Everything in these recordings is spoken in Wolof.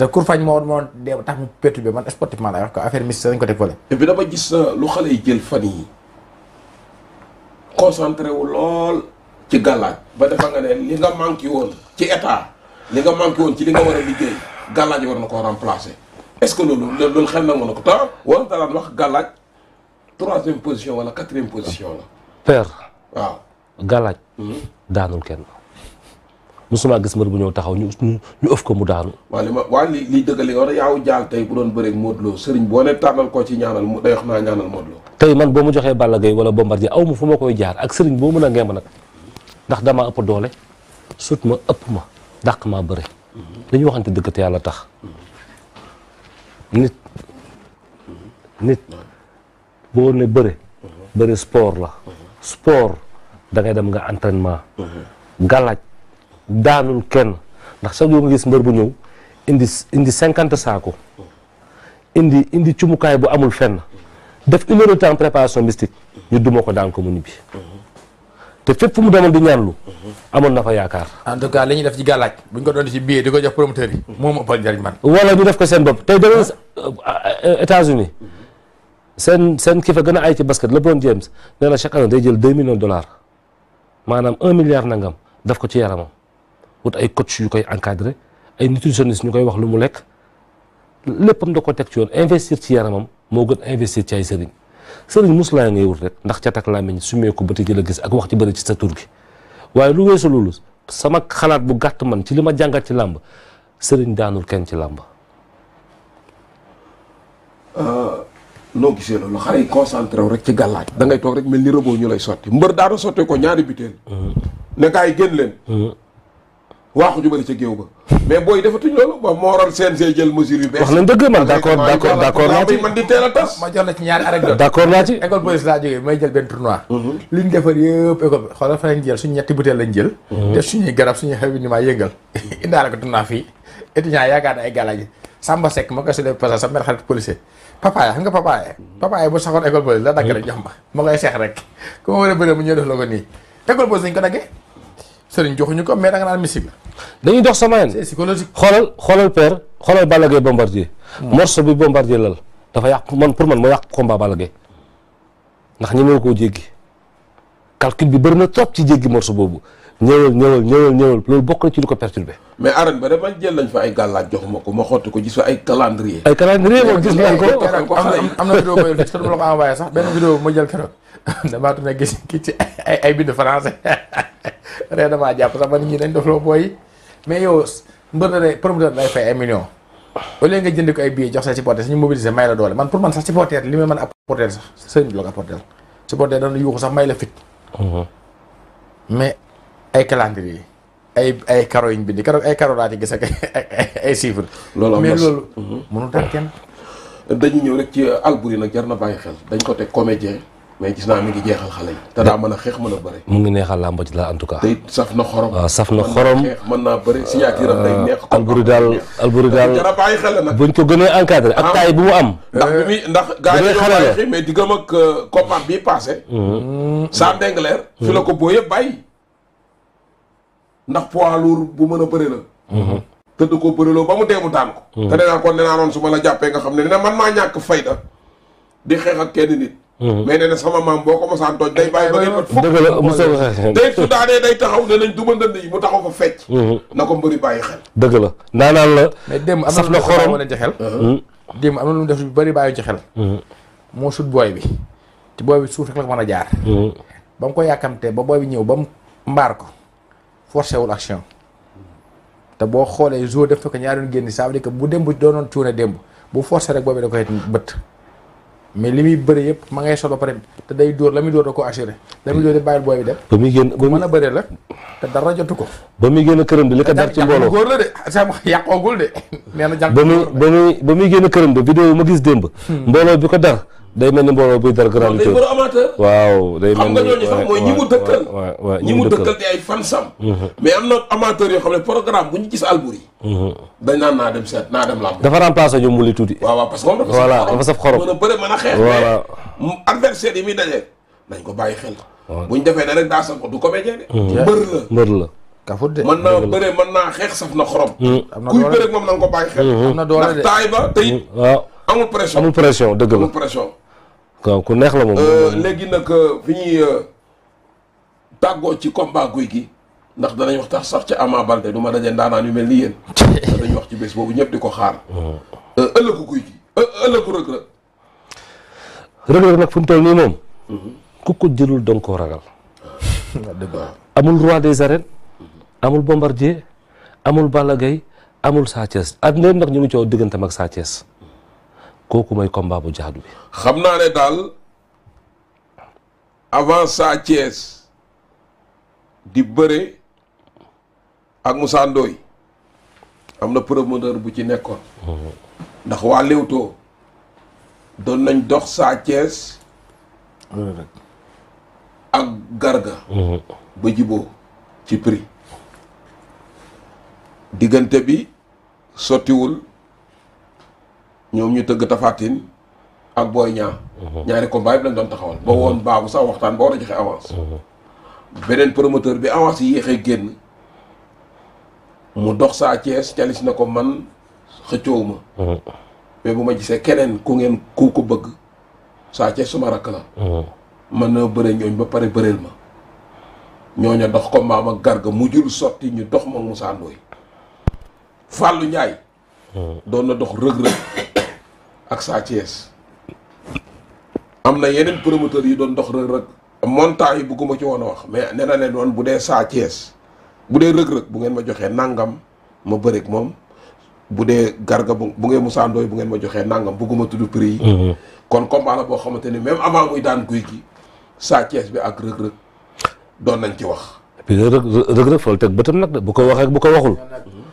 te kurfañ moo moo de tax mu perturbé man sportivement laay wax ko dañ ko teg fële. bi dama gis lu yi jël fan yi concentré wu lool ci gàllaaj ba defa nga ne li nga manqué woon ci état li nga manqué woon ci li nga war a liggéey gàllaaj war na koo remplacer. est-ce que loolu loolu xel na mën a ko temps wala daan wax gàllaaj troisième position wala quatrième position la. père waaw gàllaaj hmm? daanul kenn. musuma gis mbër bu ñëw taxaw ñu ñu mu daanu waaw li ma waa li lii dëgg li war jaal tey bu doon bëreeg Modou sëriñ boo ne tànnal ko ci ñaanal tay man boo ma joxee Balla Gaye wala Bombardier aw ma fu ma koy jaar ak sëriñ boo mën a ngemb nag ndax damaa ëpp doole sut ma ëpp ma dàq ma bëre dañu waxante dëgg yàlla tax nit nit boo ne dem nga entraînement galaaj daanul kenn ndax sax jour nga gis mbër bu ñëw indi indi cinquante saako indi indi cumukaay bu amul fenn def une heure de temps préparation mystique ñu duma ko daan ko mu ñibbi te fépp fu mu demoon di ñaanlu amoon na fa yaakaar en tout cas li ñuy def ci gàllaaj bu ñu ko doon ci biir di ko jox promoteur yi moom ëppal njëriñ man wala ñu def ko seen bopp tey demoon euh, États-Unis seen seen kii fa gën a ay ci basket LeBron James nee na chaque année day jël deux millions de dollars maanaam un milliard nangam daf ko ci yaramam wut ay coach yu koy encadré ay nutritionniste ñu koy wax lu mu lekk léppam da ko teg ci yoon investir ci yaramam moo gën investir ci ay sëriñ sëriñ muslaa ngay wut rek ndax ca tak làmmiñ sumee ko bëti a gis ak wax ci bëri ci sa tur gi waaye lu weesu loolu sama xalaat bu gàtt man ci li ma jàngat ci làmb sëriñ daanul kenn ci làmb euh, noo gisee loolu xale yi concentré wu rek ci gàllaaj dangay toog rek mel ni robot ñu lay sotti mbër daana sotte ko ñaari biteel waaxu ñu bëri ca géew ba mais booy defatuñ loolu ba moo waral CNG jël mesure yu bees. wax nañ dëgg man d' accord d' naa ci man a tas. ma jox la ci ñaari anecdote naa ci. école police laa jógee may jël benn tournoi. Mhm. liñ defar yëpp école bi xoolal fa lañ mhm. koy sa mel ma ma seex rek ku ma war a bëri mu ñëw def la ko nii école police dañ ko daggee sëriñ joxuñu ko mais da nga naan mystique la. dañuy dox sama yenn. c'est psychologique. xoolal xoolal père xoolal Balla Gaye bombardier. Hmm. morceau bi bombardier lal dafa yàqu man pour man moo yàqu combat Balla Gaye ndax ñemewul koo jéggi calcul bi bëri na trop ci jéggi morceau boobu ñëwal ñëwal ñëwal ñëwal loolu bokk na ci lu ko perturbé. mais arène ba de man jël lañ fa ay gàllaaj jox ma ko ma xotti ko gis fa ay calendrier. ay calendrier moom gis nañ ko am na gis kii ci ay ay bind français ree damaa jàpp sax man ñii lañ def loo booy mais yow mbër na ne promoteur day fay ay millions au lieu nga jënd ko ay billets jox sa supporter suñu mobiliser may la doole man pour man sax supporter li may mën apporter sax sëñ bi la ko apporter supporter dana yuuxu sax may la fit mhm. mais ay calendrier ay ay bi yiñ bindi karo ay karo laa ci gis ak ay chiffres. loolu mais loolu. Mhm. mënul dal kenn. dañu ñëw rek ci Alboury nag jar na bàyyi xel dañ ko teg comédien mais gis naa mi ngi jeexal xale yi. te daa mën a xeex mën a bëri. mu ngi neexal làmb ci daal en tout cas. te saf na xorom. waaw ah, saf na xorom mën naa bëri si yaakaaram day ah, neex. Alboury daal Alboury daal jar a bàyyi xel nag. buñ ko ak ah. taay bu mu am. ndax bi muy eh, gaa yi dañoo bàyyi xel mais diggam ak euh, COPAC bii paase. Mm-hmm. saa deng leer. la ko boo yëpp bàyyi ndax poids lourd bu mën a bëri la. te da koo bëriloo ba mu dee daan ko. Mm-hmm. te nee naa kon nee naa noonu su ma la jàppee nga xam ne ne man maa ñàkk fayda di xeex ak kenn nit. Mm-hmm. mais nee na sama maam boo ko mosaan toj day bàyyi ba ngeen ko fokk dëgg la mosoo day su daanee day taxaw ne nañ duma ndënd yi mu taxaw fa fecc mm-hmm. na ko mbëri bàyyi dëgg la naanaan la mais démb am saf na xorom leen ci xel uh-huh. démb am na lu mu def lu bëri bàyyi ci xel moo sut booy bi te booy bi suuf rek la ko mën a jaar ba mu ko yàkkamtee ba booy bi ñëw ba mu mbaar ko forcé wul action te boo xoolee jour def na ko ñaari yoon génn ça veut dire que bu démb doonoon cuune démb bu forcé rek boobu da koy bët mais li muy bëri yëpp ma ngay solo pare te day dóor la muy dóor da ko assuré la muy dóor di bàyyil booy def dem ba muy génn ba mën a bëree la te dara jotu ko ba muy génn këram de li ko dar ci mbooloo góor la de sam yàqoogul de na jàng ba muy ba muy ba muy génn këram de vidéo ma gis démb hmm. mbooloo bi ko dar day mel ni mbooloo buy dara grand amateur waaw day mel ni xam nga ñooñu mu dëkkal di ay fan sam mm-hmm. mais am na amateur yoo xam ne programme bu ñu gis Alboury mm-hmm. dañ naan naa dem seet naa dem làmb dafa remplacé ñu muli tuuti waaw waaw parce que moom dafa saf xorom mën a bëre mën a xeex voilà ko bàyyi xel bu ñu saf ko du de mm-hmm. mbër la mbër la kafut de mën naa bëre mën naa xeex saf na xorom kuy bëre moom na ko bàyyi xel ndax taay ba te amul pression amul pression dëgg la pression. ku neex la moom. Euh, léegi nag fi euh, ñuy euh, tàggoo ci combat guy gi ndax danañ wax tax sax ci Ama Baldé duma ma daje ndaanaan yu mel ni yéen. danañ wax ci bés boobu ñëpp di ko xaar. ëllëgu guy gi ëllëgu Reug Reug. nag fu mu toll nii moom. Mhm. ku ko jëlul danga koo ragal. Ah, amul roi des arènes. Mhm. amul bombardier amul Balla Gaye amul Sa Thiès ak ndéem nag ñu ngi coow diggante ak Sa Thiès. kooku mooy combat bu jaadu bi. xam naa ne daal avant Sa Thiès di bëre ak Moussa am na promoteur bu ci nekkoon. Mm-hmm. ndax waa Leewtoo doon nañ dox Sa Thiès. ak Garga. Mm-hmm. ba jiboo ci prix. diggante bi sottiwul. ñoom ñu tëgg Tafatine ak Boy Niang. Mhm. ñaari combat yëpp lañ doon taxawal. ba woon mhm. baabu sax waxtaan ba war a joxe avance. Mhm. beneen promoteur bi avance yi yéexee génn mu dox saa Thiès calis na ko man xëccoowu ma. bu ma gisee keneen ku ngeen ku ko bëgg saa Thiès suma rakk la. man na bëre ñooñ ba pare bëreel ma. ñooña dox ko maam ak garga mu jul sotti ñu dox ma Moussa Ndoye Fallou doon na dox rëg-rëg. ak Sa Thiès am na yeneen promoteur yi doon ndox Reug Reug montant yi bëgguma ci woon a wax mais nee na leen woon bu dee Sa Thiès bu dee Reug Reug bu ngeen ma joxee nangam ma bëreeg moom bu dee garga bu bu ngeen Moussa Ndoye bu ngeen ma joxee nangam bëgguma tudd prix yi mm-hmm. kon combat boo xamante ni même avant muy daan guy gi Sa Thiès bi ak Reug Reug doon nañ ci wax Reug Reug Reug Reug foofu teg bëtam nag bu ko waxee bu ko waxul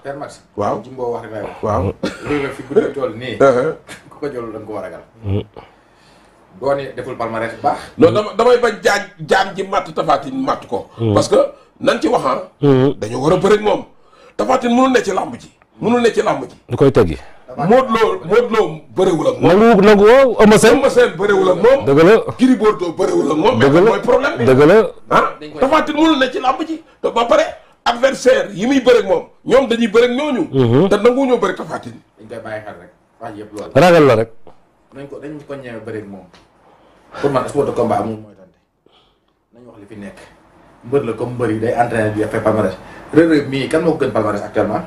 per match waaw Jumbo wax damay wax waaw léegi la fi guddi uh-huh. ko jël da nga ko war a ragal mm-hmm. doo ne deful palmarès bu baax dama damay bañ jaaj jaam ji matt tafaatin mat ko mm-hmm. parce que nan ci waxaan ah. mm-hmm. dañoo war a bëri moom tafaatin mënul ne ci làmb ji mënul ci làmb ji du koy teggi Modou Lo Modou loo bëriwul ak moom nangu nangu woo Eumeu Sène Eumeu Sène bëriwul ak moom dëgg la Gris Bordeaux bëriwul ak moom mais mooy la ah Tapha Tine mënul ci ba pare adversaire yi muy bëreeg moom ñoom dañuy bëreeg ñooñu. Mhm. te nangu ñoo bëreeg Tapha Tine. dañ koy bàyyi xel rek wax yëpp loolu. ragal la rek. nañ ko dañ ko ñëwee bëreeg moom pour man sport de combat amul mooy tante nañ wax li fi nekk mbër la comme mbër yi day entraîné bi dafay palmarès Reug Reug mii kan moo ko gën palmarès actuellement.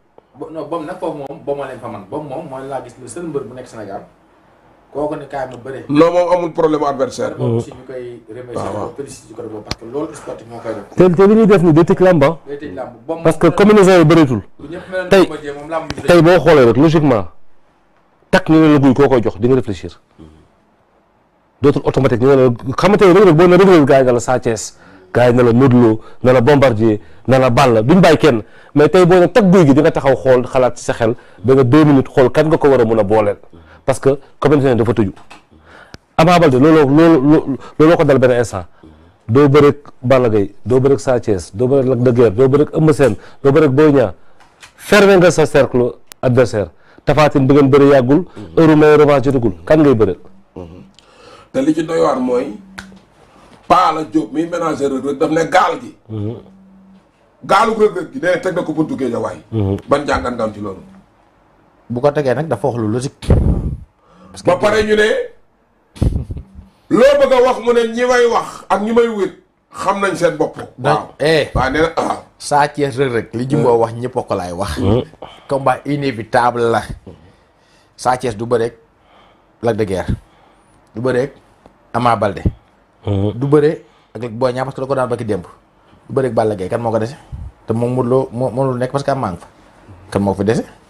non boobu nag foofu moom boo ma leen laa gis le seul mbër bu nekk Sénégal kooku ne kaay ma bëre. non moom amul problème adversaire boobu aussi ñu koy remercier ko félicité ci côté boobu parce que loolu sportif te li ñuy def ni day tëj làmba. Ah. parce que communautaire yi bëreetul. tey tey boo xoolee rek logiquement takk ñu ne la guy koo koy jox di réfléchir mhm. dootul automatique ñu ne nga tey rek rek gaa yi nga la Sa Thiès gars yi na la Modou Lo na la Bombardier na la Balla duñ bàyyi kenn mais tey boo ne tag guy gi di nga taxaw xool xalaat ci sa xel ba nga deux minutes xool kan nga ko war a mun a booleel parce que compétition dafa tëju Ama Baldé looloo loolu looloo ko dal benn instant doo bëreeg Balla Gaye doo bëreeg Sa Thiès doo bëreeg Lac de Guiers doo bëreeg Eumeu Sène doo bëreeg Boy Niang nga sa cercle adversaire tafaatin bi ngeen bëri yàggul heure may revanche jotagul kan ngay bëreeg te li Paala Diop miy ménager Reug Reug daf ne gaal gi. Mhm. gaalu Reug Reug gi day teg na ko buntu Géejawaay. Mhm. ban jàngat nga am ci loolu. bu ko tegee nag dafa wax lu logique. parce que ba pare ñu ne loo bëgg a wax mu ne ñi may wax ak ñi may wét xam nañ seen bopp. waaw eh waaw nee na ah. li Jimboo eh. wax ñëpp ko laay wax. Mm-hmm. combat inévitable la. Sa Thiès du bëreeg Lac de Guiers du bëreeg Ama Balde. Euh, du bëre ak Boy Niang parce que da ko daan baki démb du bëre ak Balla Gaye kan moo ko dese te moom moo mënul nekk parce que am maa ngi fa kan moo ko fi dese.